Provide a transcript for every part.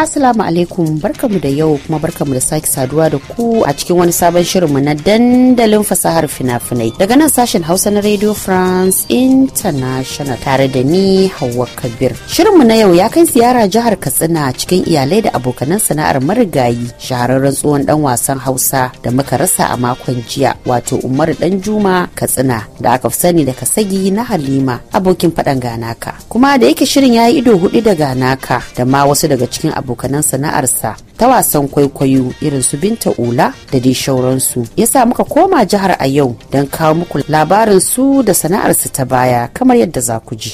jama'a assalamu alaikum barkamu da yau kuma barkamu da sake saduwa da ku a cikin wani sabon shirinmu na dandalin fasahar fina-finai daga nan sashen hausa na radio france international tare da ni hauwa kabir shirinmu na yau ya kai ziyara jihar katsina cikin iyalai da abokanan sana'ar marigayi shahararren tsohon dan wasan hausa da muka rasa a makon jiya wato umaru dan juma katsina da aka fi sani da kasagi na halima abokin faɗan ganaka kuma da yake shirin ya yi ido hudu da ganaka da ma wasu daga cikin abokan abokanan sana'arsa ta wasan kwaikwayo irin su binta ula da dai shauransu ya sa muka koma jihar a yau don kawo muku labarin su da sana'arsu ta baya kamar yadda za ku ji.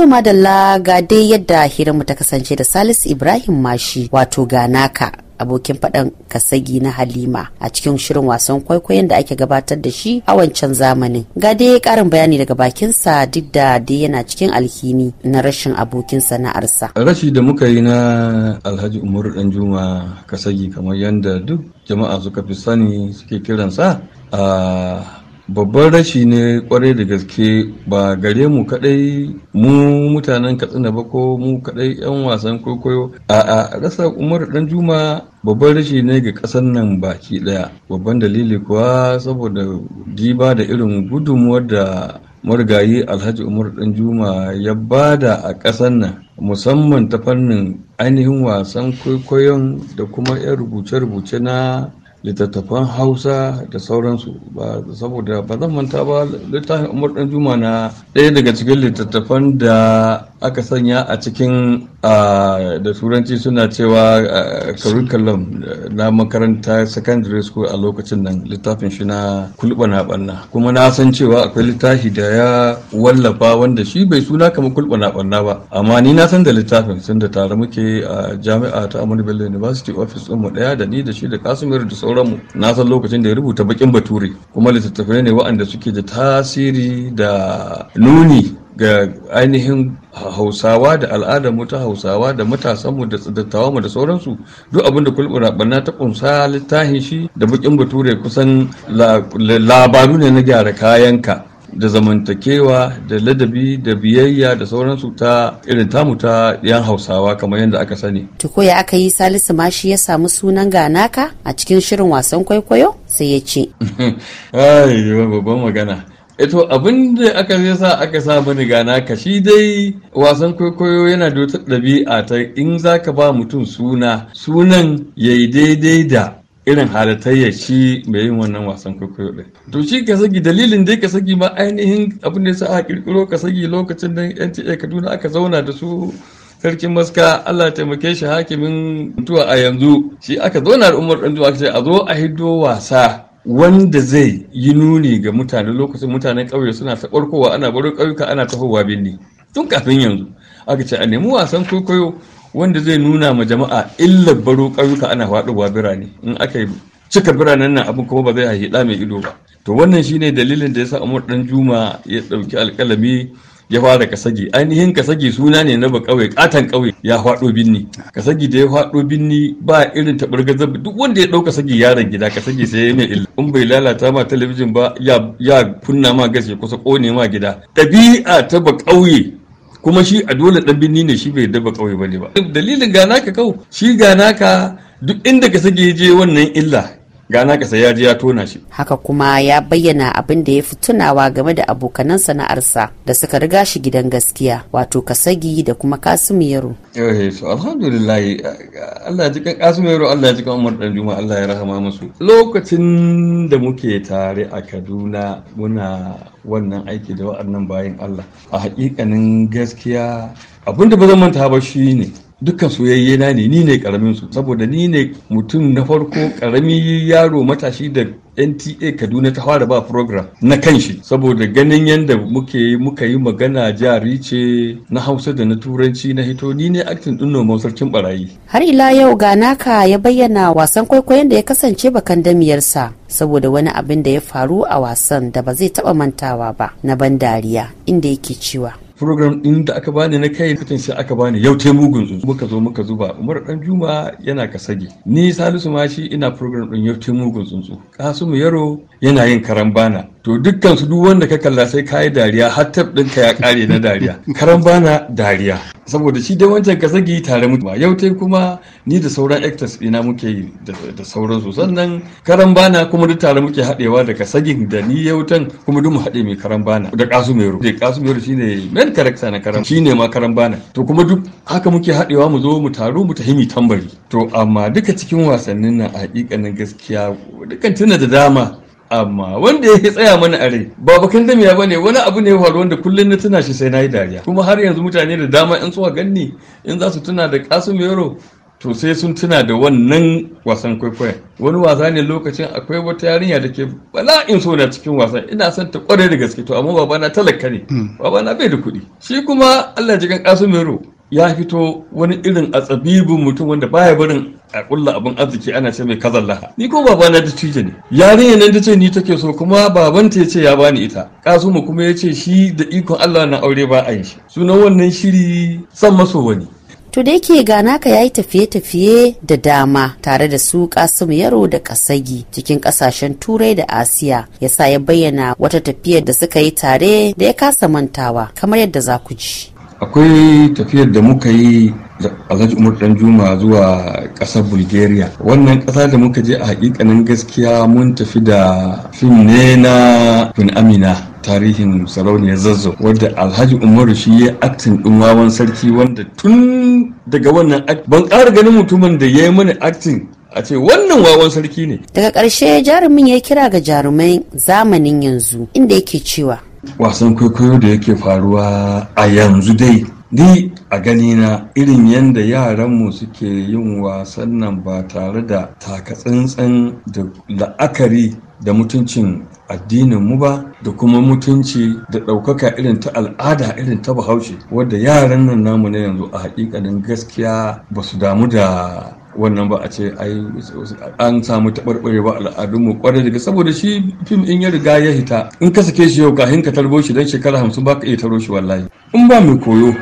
to madalla ga dai yadda hiranmu ta kasance da salisu ibrahim mashi wato ganaka abokin faɗan kasagi na halima a cikin shirin wasan kwaikwayon da ake gabatar da shi a wancan zamanin ga dai ƙarin bayani daga bakinsa duk da dai yana cikin alhini na rashin abokin sana'arsa rashi da muka yi na alhaji umar dan juma kasagi kamar yadda duk jama'a suka fi sani suke kiransa a ah, babban rashi ne kwarai da gaske ba gare mu kadai mu mutanen katsina ba ko mu kadai yan wasan kwaikwayo a a rasa umar dan juma babban rashi ne ga kasar nan baki daya babban dalili kuwa saboda diba da irin gudunmuwar da marigayi alhaji umar dan juma ya bada a kasar nan musamman ta fannin ainihin wasan kwaikwayon da kuma 'yan rubuce-rubuce na littattafan hausa da sauransu ba saboda ba zan manta ba littafin umar dan juma na ɗaya daga cikin littattafan da aka sanya a cikin da turanci suna cewa curriculum na makaranta secondary school a lokacin nan littafin shi na kulɓana banna kuma na san cewa akwai littafi da ya wallafa wanda shi bai suna kamar kulɓana banna ba amma ni na san da littafin sun da tare muke a jami'a ta Amadu Bello University office mu daya da ni da shi da Kasimir da sauranmu na san lokacin da ya rubuta bakin bature kuma littattafai ne waɗanda suke da tasiri da nuni ga ainihin hausawa da al'adar mu ta hausawa da matasanmu da dattawanmu da sauransu duk abin da kulɓura ɓanna ta ƙunsa littafin shi da bakin bature kusan labaru ne na gyara kayan ka, da zamantakewa da ladabi da biyayya da sauransu ta irin tamu ta yan hausawa kamar yadda aka sani. Tukoya aka yi Salisu ma shi ya samu sunan ganaka a cikin shirin wasan kwaikwayo sai ya ce. Ai, babban magana. Ito abin da aka zai sa aka sa mani gana ka shi dai wasan kwaikwayo yana da wata ɗabi'a ta in za ka ba mutum suna sunan ya yi daidai da irin halattayya shi mai yin wannan wasan kwaikwayo ɗin. To shi ka sagi dalilin dai ka sagi ma ainihin abin da ya sa a kirkiro ka sagi lokacin da NTA Kaduna aka zauna da su sarkin maska Allah taimake shi hakimin mutuwa a yanzu shi aka zauna da Umar Dandu aka ce a zo a hiddo wasa wanda zai yi nuni ga mutane lokacin mutanen ƙauye suna saɓarkowa ana baro ƙauyuka ana tahowa birni tun kafin yanzu aka ce a nemi wasan kwaikwayo wanda zai nuna ma jama'a illar baro ƙauyuka ana faɗowa birane in aka yi cika biranen nan abin kuma ba zai haihi ɗa mai ido ba to wannan shine dalilin da ya sa umar dan juma ya ɗauki alƙalami ya fara kasagi ainihin kasagi suna ne na ba kauye katan kauye ya faɗo binni kasagi da ya faɗo binni ba irin tabargazar duk wanda ya ɗauka kasagi yaron gida kasagi sai ya mai illa in bai lalata ma talabijin ba ya kunna ma gas kusa kone ma gida ɗabi'a ta ba kauye kuma shi a dole ɗan binni ne shi bai daba kauye bane ba dalilin ganaka ka kau shi gana duk inda kasagi ya je wannan illa gana sai ya ji ya tona shi haka kuma ya bayyana abin da ya fi tunawa game da abokanan sana'arsa da suka riga shi gidan gaskiya wato kasagi da kuma kasimu yaro eh so alhamdulillah Allah ya ji kan kasimu yaro Allah ya ji kan Umar dan Juma Allah ya rahama musu lokacin da muke tare a Kaduna muna wannan aiki da wa'annan bayan Allah a hakikanin gaskiya abin da ba zan manta ba shi ne. dukkan soyayye na ne ni ne karamin su saboda ni ne mutum na farko karami yaro matashi da NTA Kaduna ta fara ba program na shi. saboda ganin yadda muke muka yi magana jari ce na Hausa da na Turanci na hito ni ne aktin din noma sarkin barayi. Har ila yau ga naka ya bayyana wasan kwaikwayon da ya kasance bakan damiyarsa saboda wani abin da ya faru a wasan da ba zai taba mantawa ba na ban dariya inda yake cewa program din da aka bani na kai kutan sai aka bani yau te mugun tsuntsu muka zo muka zuba Umar dan Juma yana kasage ni Salisu ma shi ina program din yau te mugun tsuntsu Kasimu Yaro yana yin karambana to dukkan su duk wanda ka kalla sai kayi dariya har tab ɗinka ya ƙare na dariya karan bana dariya saboda shi dai wancan ka sagi tare mu ba yau tai kuma ni da sauran actors ina muke da da sauransu sannan karan bana kuma duk tare muke haɗewa da sagin da ni yautan kuma duk mu haɗe mai karan bana da kasu mero da kasu mero shine main character na karan shine ma karan bana to kuma duk haka muke haɗewa mu zo mu taru mu tahimi tambari to amma duka cikin wasannin nan a hakikanin gaskiya dukkan tuna da dama amma wanda ya tsaya mana a rai ba bakan damiya bane wani abu ne faru wanda kullum na tuna shi sai na yi dariya kuma har yanzu mutane da dama in suka ganni in za su tuna da kasum to sai sun tuna da wannan wasan kwaikwayon wani wasa ne lokacin akwai wata yarinya da ke bala'in so cikin wasan ina son ta kwarai da gaske to amma babana talaka ne hmm. babana bai da kuɗi shi kuma Allah jikan kasum ya fito wani irin a tsabibin mutum wanda baya barin a kulla abin arziki ana ce mai kazan laha ni ko baba na da cije ne yarinya nan ta ce ni take so kuma baban ta ce ya bani ita kasuma kuma ya ce shi da ikon Allah na aure ba a yi shi sunan wannan shiri san maso wani To da yake gana ka yayi tafiye-tafiye da dama tare da su Kasimu Yaro da Kasagi cikin kasashen Turai da Asiya ya sa ya bayyana wata tafiyar da suka yi tare da ya kasa mantawa kamar yadda za ku ji. akwai tafiyar da muka yi alhaji umar dan juma zuwa ƙasar bulgaria wannan ƙasa da muka je a hakikanin gaskiya mun tafi da fim ne na fin amina tarihin sarauniyar zazzau wadda alhaji umaru shi ya aktin ɗin wawan sarki wanda tun daga wannan ban ƙara ganin mutumin da ya yi mani aktin a ce wannan wawan sarki ne daga ƙarshe jarumin ya kira ga jarumai zamanin yanzu inda yake cewa wasan kwaikwayo da yake faruwa a yanzu dai ni a ganina irin yadda yaranmu suke yin wasan nan ba tare da taka takatsantsan da la'akari da mutuncin addininmu ba da kuma mutunci da ɗaukaka irin ta al'ada irin ta bahaushe wadda yaran nan namu na yanzu a hakikanin gaskiya ba su damu da wannan ba a ce an samu taɓarɓare ba al'adunmu kwarai daga saboda shi fim in ya riga ya hita in ka sake shi yau kahin ka tarbo shi dan shekara hamsin ba ka iya taro shi wallahi in ba mai koyo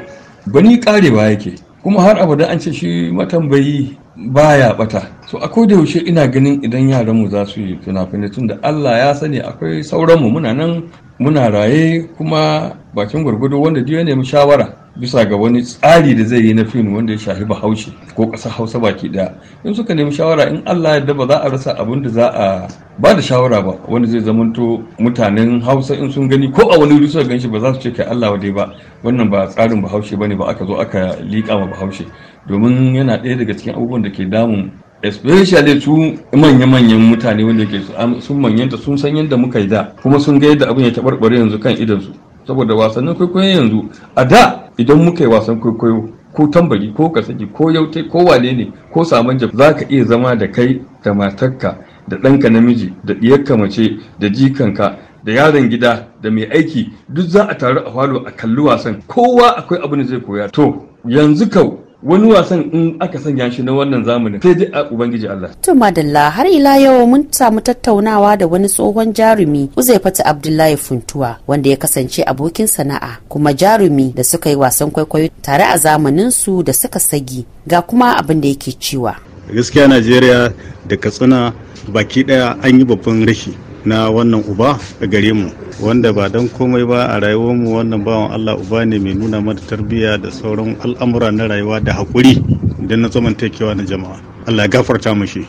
bani karewa yake kuma har abada an ce shi matambayi baya bata so a da yaushe ina ganin idan yaranmu za su yi fina-finai tun da Allah ya sani akwai sauranmu muna nan muna raye kuma bakin gwargwado wanda duk ya nemi shawara bisa ga wani tsari da zai yi na fim wanda ya shafi bahaushe ko ƙasar hausa baki daya in suka nemi shawara in allah yadda ba za a rasa abin da za a ba da shawara ba wanda zai zamanto mutanen hausa in sun gani ko a wani wuri suka gan shi ba za su ce kai allah dai ba wannan ba tsarin bahaushe ba ne ba aka zo aka liƙa ma bahaushe domin yana ɗaya daga cikin abubuwan da ke damun especially su manya-manyan mutane wanda ke sun manyanta sun san yadda muka yi da kuma sun ga yadda abin ya taɓarɓare yanzu kan idansu saboda wasannin kwaikwayon yanzu a da idan muka yi wasan kwaikwayo ko tambari ko kasaki ko yaute ko wane ne ko saman jab za ka iya zama da kai da matarka da ɗanka namiji da ɗiyarka mace da jikanka da yaron gida da mai aiki duk za a taru a falo a kalli wasan kowa akwai abin da zai koya to yanzu kau wani wasan in aka sanya shi na wannan zamanin sai dai a ubangiji Allah. To madalla har ila yau mun samu tattaunawa da wani tsohon jarumi Uzaifatu Abdullahi Funtuwa wanda ya kasance abokin sana'a kuma jarumi da suka yi wasan kwaikwayo tare a zamanin su da suka sagi ga kuma abin da yake cewa. Gaskiya Najeriya da Katsina baki daya an yi babban rashi. na wannan uba gare mu wanda ba dan komai ba a rayuwar mu wannan bawan Allah uba ne mai nuna mana tarbiyya da sauran al'amura na rayuwa da haƙuri idan na zamantakewa na jama'a Allah ya gafarta shi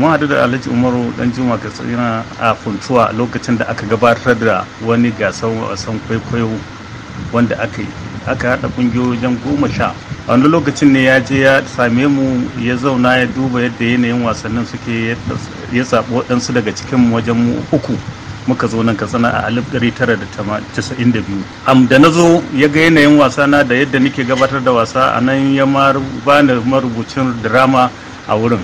mun haɗu da Alhaji Umaru dan Juma Katsina a Funtuwa lokacin da aka gabatar da wani gasar wasan kwaikwayo wanda aka yi aka haɗa ƙungiyoyi wajen goma sha a wani lokacin ne ya je ya same mu ya zauna ya duba yadda yanayin wasannin suke ya sabo waɗansu daga cikin wajen mu uku muka zo nan katsina a 1992 am da na zo ya ga yanayin wasa na da yadda nake gabatar da wasa a nan ya bani marubucin drama a wurin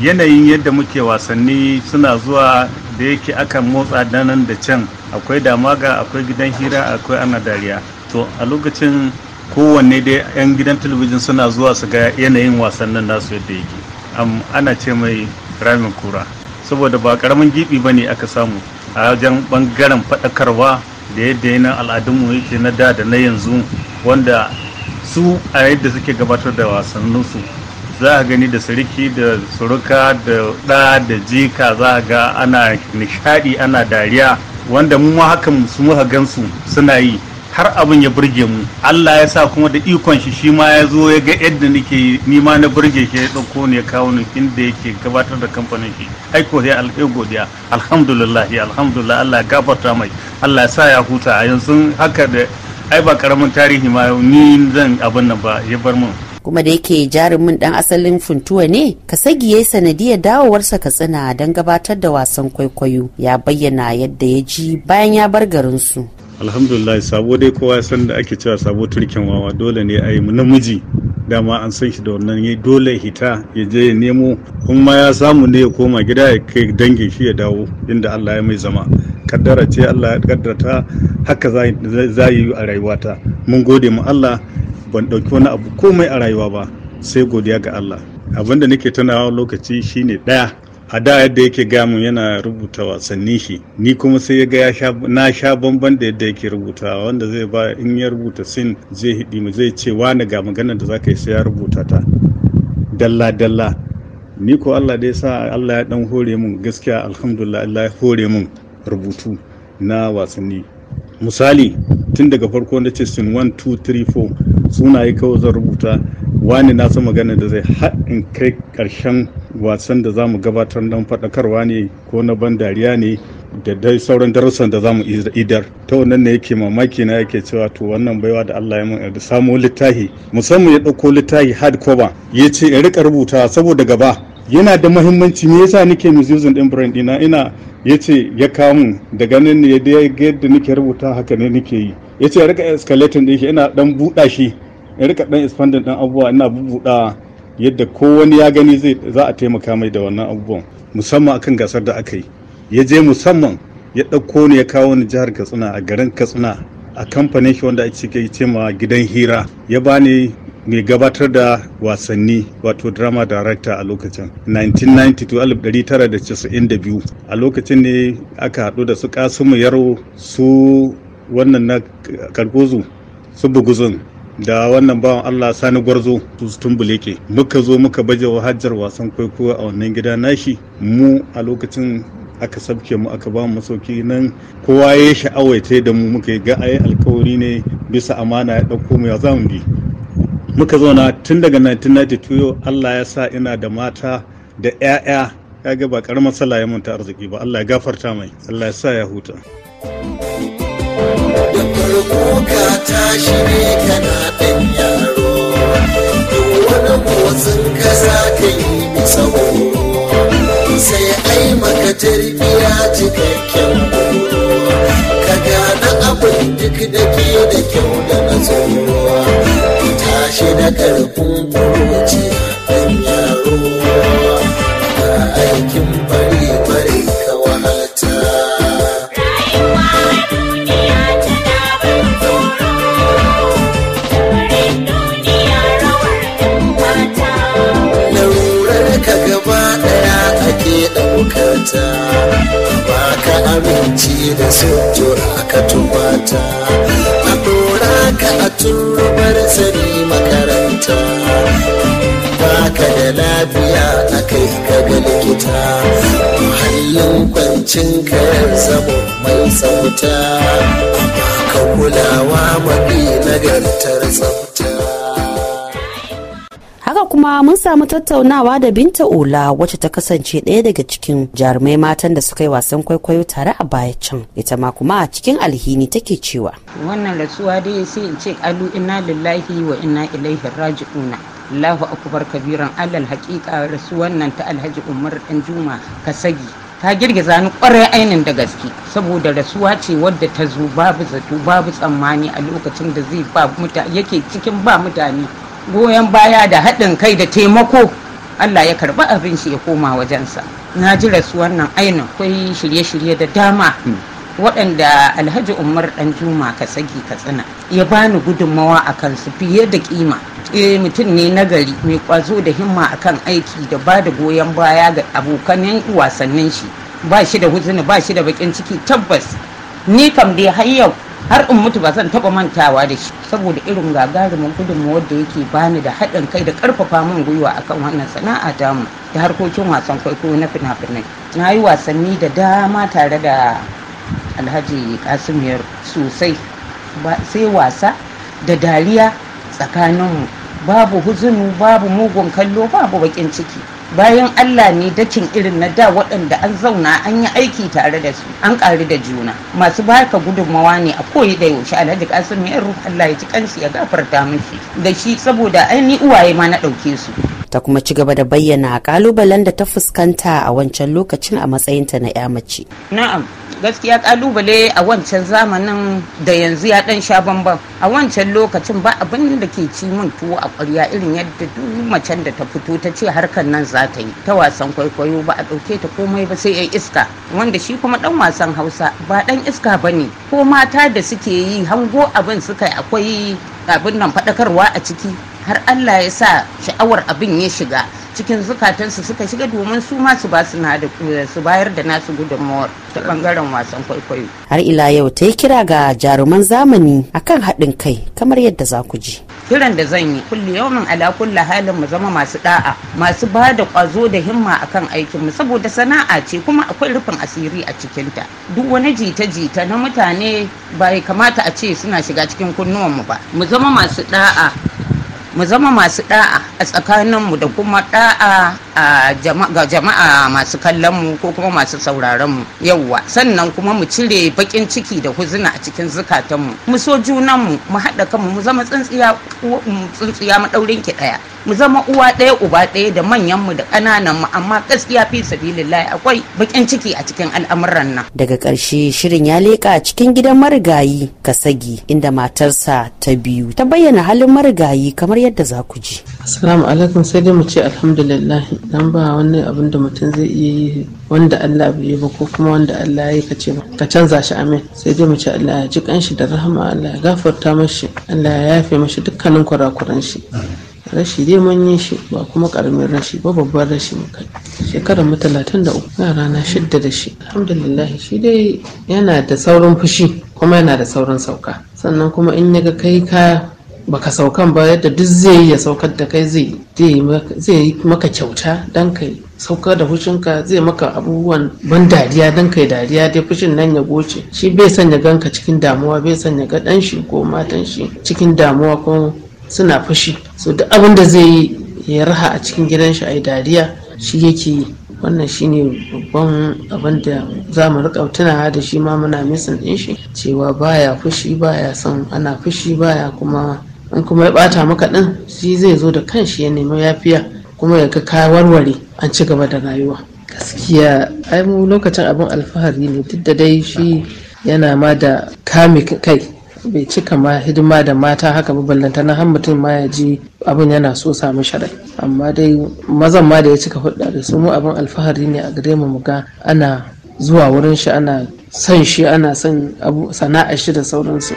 yanayin yadda muke wasanni suna zuwa da yake akan motsa danan da can akwai damaga akwai gidan hira akwai ana dariya to a lokacin kowanne dai 'yan gidan talabijin suna zuwa su ga yanayin wasannin nasu yadda yake ana ce mai ramin kura saboda ba karamin gibi ba ne aka samu a wajen bangaren faɗakarwa da yadda yanayin al'adunmu yake na da da na yanzu wanda su a yadda suke gabatar da wasanninsu za a gani da sarki da suruka da ɗa da jika za a ga ana nishaɗi ana dariya wanda mu hakan su muka gansu suna yi har abin ya burge mu Allah ya sa kuma da ikon shi shi ma ya zo ya ga yadda nake ni ma na burge shi ya dauko ne kawo ni inda yake gabatar da kamfanin shi ai ko sai alheri godiya alhamdulillah alhamdulillah Allah ya gafarta mai Allah ya sa ya huta a yanzu haka da ai ba karamin tarihi ma ni zan abin nan ba ya bar mun kuma da yake jarumin dan asalin funtuwa ne kasagi ya sanadiyar dawowarsa katsina don gabatar da wasan kwaikwayo ya bayyana yadda ya ji bayan ya bar garinsu alhamdulillah sabo dai kowa ya san da ake cewa sabo turken wawa dole ne a yi namiji dama an san shi da wannan yi dole hita ya je ya nemo kuma ma ya samu ne ya koma gida ya kai dangin shi ya dawo inda Allah ya mai zama kaddara ce Allah ya kaddarta haka za yi a rayuwata mun gode mu Allah ban ɗauki wani abu komai a rayuwa ba sai godiya ga Allah abin da nake tunawa lokaci shine ɗaya a da yadda yake gamun yana rubuta wasanni shi ni kuma sai ya ga na sha bamban da yadda yake rubuta wanda zai ba in ya rubuta sin zai hidi mu zai ce wani ga magana da za ka yi sai ya rubuta ta dalla dalla ni ko Allah dai sa Allah ya dan hore mun gaskiya alhamdulillah Allah ya hore mun rubutu na wasanni misali tun daga farko na ce sin 1 2 3 4 sunaye kawai zan rubuta wani na magana da zai haɗin kai ƙarshen wasan da za mu gabatar nan faɗakarwa ne ko na ban dariya ne da dai sauran darussan da za mu idar ta wannan ne yake mamaki na yake cewa to wannan baiwa da Allah ya mun da samu littafi musamman ya ɗauko littafi hard cover ya ce in rika rubuta saboda gaba yana da mahimmanci me yasa nake misusing din brand dina ina yace ya kamu daga nan ne da yadda nake rubuta haka ne nake yi yace rika escalating din shi ina dan buɗa shi in rika dan expanding dan abubuwa ina bubuɗa yadda ko wani ya gani zai za a taimaka mai da wannan abubuwan musamman akan gasar da aka yi ya je musamman ya ɗauko ne ya kawo ni jihar katsina a garin katsina a kamfanin shi wanda ake ce ma gidan hira ya bani mai gabatar da wasanni wato drama director a lokacin 1992 a lokacin ne aka haɗu da su kasumu yaro su wannan na karkozu su buguzun da wannan bawan Allah Sani Gwarzo su tumbule ke muka zo muka baje wa hajjar wasan kwaikwayo a wannan gida nashi mu a lokacin aka sabke mu aka ba mu masauki nan kowa ya sha'awaita da mu muka ga ayi alkawari ne bisa amana ya ɗauko mu ya mu bi muka zauna tun daga 1992 Allah ya sa ina da mata da 'ya'ya ga ba karamar sallah ya manta arziki ba Allah ya gafarta mai Allah ya sa ya huta. kuka tashi ne kana ɗan yaro duk wani motsin ka za ka yi bisa sai ai maka tarbiya cikakken ka gane abin duk da ke da kyau da na tsoro tashi da karfin ka tubata a dora ka a bar sani makaranta baka da lafiya a kai ka ga likita muhallin kwancin kayar zama mai tsauta ka kulawa mafi nagartar tsafta kuma mun samu tattaunawa da Binta Ola wacce ta kasance ɗaya daga cikin jarumai matan da suka yi wasan kwaikwayo tare a baya can. Ita ma kuma a cikin alhini take cewa. Wannan rasuwa dai sai in ce alu inna lillahi wa inna ilaihi raji'una. Allahu akbar kabiran alal haƙiƙa rasuwan nan ta Alhaji Umar juma Kasagi ta girgiza ni kwarai ainin da gaske saboda rasuwa ce wadda ta zo babu zato babu tsammani a lokacin da zai ba mutane yake cikin ba mutane goyon baya da haɗin kai da taimako allah ya karɓi abin shi ya koma wajensa na ji rasu, wannan ainihin akwai shirye-shirye da dama hmm. waɗanda alhaji umar dan juma ka tsina. ya bani gudunmawa a kansu fiye da kima e eh, mutum ne nagari. gari mai kwazo da himma akan aiki da ba da goyon baya ga abokanin wasannin shi ba shi da huzuni ba shi da bakin ciki tabbas ni kam dai har yau har in mutu ba zan taba mantawa da shi saboda irin gagarumin gudunmu da yake bani da haɗin kai da ƙarfafa min gwiwa akan wannan sana'a tamu da harkokin wasan kwaikwayo na fina-finai na yi wasanni da dama tare da alhaji kasimiyar sosai sai wasa da dariya tsakaninmu babu huzunu babu mugun kallo babu baƙin ciki bayan Allah ne dakin irin na da waɗanda an zauna an yi aiki tare da su an ƙari da juna masu baka gudunmawa ne a koyi da yaushe alhaji kasim ya yi Allah ya ci kansu ya gafarta mishi da shi saboda aini uwaye ma na ɗauke su ta kuma ci gaba da bayyana kalubalen da ta fuskanta a wancan lokacin a matsayinta na 'ya mace na'am gaskiya kalubale a wancan zamanin da yanzu ya dan sha bambam a wancan lokacin ba abin da ke ci min tuwo a kwarya irin yadda duk macen da ta fito ta ce harkar nan za ta yi ta wasan kwaikwayo ba a ɗauke ta komai ba sai yan iska wanda shi kuma dan wasan hausa ba dan iska ba ne ko mata da suke yi hango abin suka akwai abin nan faɗakarwa a ciki har Allah ya sa sha'awar abin ya shiga cikin zukatansu suka shiga domin su ma su ba bayar da nasu gudunmawar ta bangaren wasan kwaikwayo. Har ila yau ta yi kira ga jaruman zamani kan haɗin kai kamar yadda za ku ji. Kiran da zan yi kulli yaumin ala halin mu zama masu da'a masu ba da kwazo da himma akan aikin mu saboda sana'a ce kuma akwai rufin asiri a cikinta. Duk wani jita-jita na mutane bai kamata a ce suna shiga cikin kunnuwan ba. Mu zama masu da'a mu zama masu da'a a tsakaninmu da kuma da'a a ga jama'a masu kallon mu ko kuma masu sauraron mu yauwa sannan kuma mu cire bakin ciki da huzuna a cikin zukatan mu mu so junan mu mu haɗa kan mu zama tsintsiya tsintsiya maɗaurin ki ɗaya mu zama uwa ɗaya uba ɗaya da manyan mu da ƙananan mu amma gaskiya fi sabilillahi akwai bakin ciki a cikin al'amuran nan daga karshe shirin ya leƙa cikin gidan marigayi kasagi inda matarsa ta biyu ta bayyana halin marigayi kamar yadda za ku ji Assalamu alaikum sai dai mu ce alhamdulillah dan ba wani abin da mutum zai iya yi wanda Allah bai yi ba ko kuma wanda Allah ya kace ba ka canza shi amin sai dai mu ce Allah ya ji kanshi da rahama Allah ya gafarta mashi Allah ya yafe mashi dukkanin kurakuran shi rashi dai mun yi shi ba kuma karamin rashi ba babban rashi kai shekarar mu talatin da uku shidda da shi alhamdulillah shi dai yana da saurin fushi kuma yana da saurin sauka sannan kuma in ya ga kai ka. baka saukan ba yadda duk zai yi ya saukar da kai zai yi maka kyauta don kai saukar da hushinka zai maka abubuwan ban dariya don kai dariya dai fushin nan ya goce shi bai sanya ganka cikin damuwa bai sanya ga dan shi ko matan shi cikin damuwa ko suna fushi so duk abin da zai yi ya raha a cikin gidan shi ai dariya shi yake yi wannan shine babban abin da za mu rika tunawa da shi ma muna misin din shi cewa baya fushi baya son ana fushi baya kuma in kuma ya bata maka din shi zai zo da kanshi ya nemi yafiya kuma ya ga ka warware an ci gaba da rayuwa gaskiya ai mu lokacin abin alfahari ne duk da dai shi yana ma da kame kai bai cika ma hidima da mata haka ba ballanta na har mutum ma ya ji abin yana so samu sharai amma dai mazan ma da ya cika hudda da su mu abin alfahari ne a gare mu ga ana zuwa wurin shi ana san shi ana son sana'ar shi da sauransu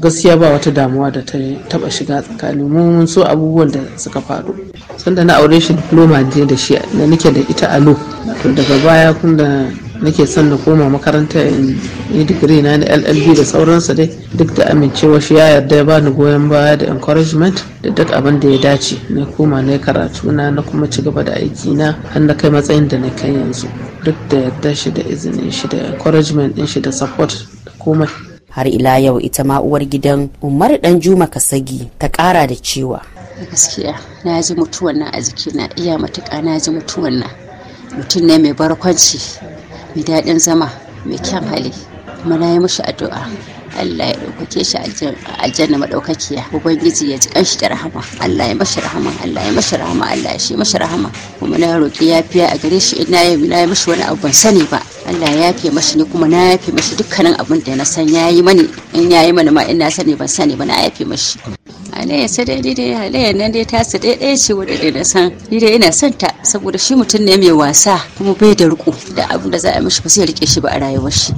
gaskiya ba wata damuwa da ta taba shiga tsakanin mu mun so abubuwan da suka faru sanda na aure shi diploma je da shi da nake da ita a lo to daga baya kun da nake son na koma makaranta in yi digiri na na llb da sauransa dai duk da amincewa shi ya yarda ya bani goyon baya da encouragement da duk abin da ya dace na koma na karatu na na kuma ci gaba da aiki na har na kai matsayin da na kai yanzu duk da yarda shi da izinin shi da encouragement din shi da support da komai har ila yau ita ma uwar gidan umar dan juma kasagi ta kara da cewa gaskiya na ji mutuwan na a na iya matuƙa na ji mutuwan na mutum ne mai barkwanci mai daɗin zama mai kyan hali mana na yi mashi addu'a Allah ya ɗaukake shi aljanna maɗaukakiya ubangiji ya ji kanshi da rahama Allah ya mashi rahama Allah ya mashi rahama Allah ya shi mashi rahama kuma na roƙi yafiya a gare shi ina yi na yi mashi wani abu ban sani ba Allah ya yafe mashi ni kuma na yafe mashi dukkanin abin da na san yayi mani in yayi mani ma ina sani ban sani ba na yafe mashi alayya sai dai dai alayya nan dai tasa dai dai ce wanda dai na san ni dai ina son ta saboda shi mutum ne mai wasa kuma bai da riko da abin da za a mashi ba zai rike shi ba a rayuwar shi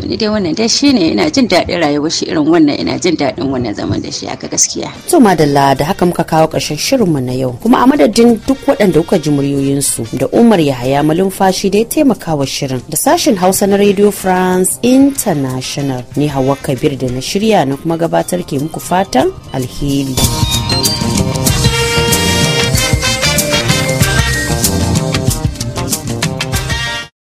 to ni dai wannan dai shine ina jin daɗin rayuwar shi irin wannan ina jin daɗin wannan zaman da shi aka gaskiya to madalla da haka muka kawo ƙarshen shirin mu na yau kuma a madadin duk waɗanda kuka ji muryoyin su da Umar Yahaya malumfashi da ya taimaka wa shirin da sashin Hausa na Radio France International ni Hawwa Kabir da na shirya na kuma gabatar ke muku fatan alheri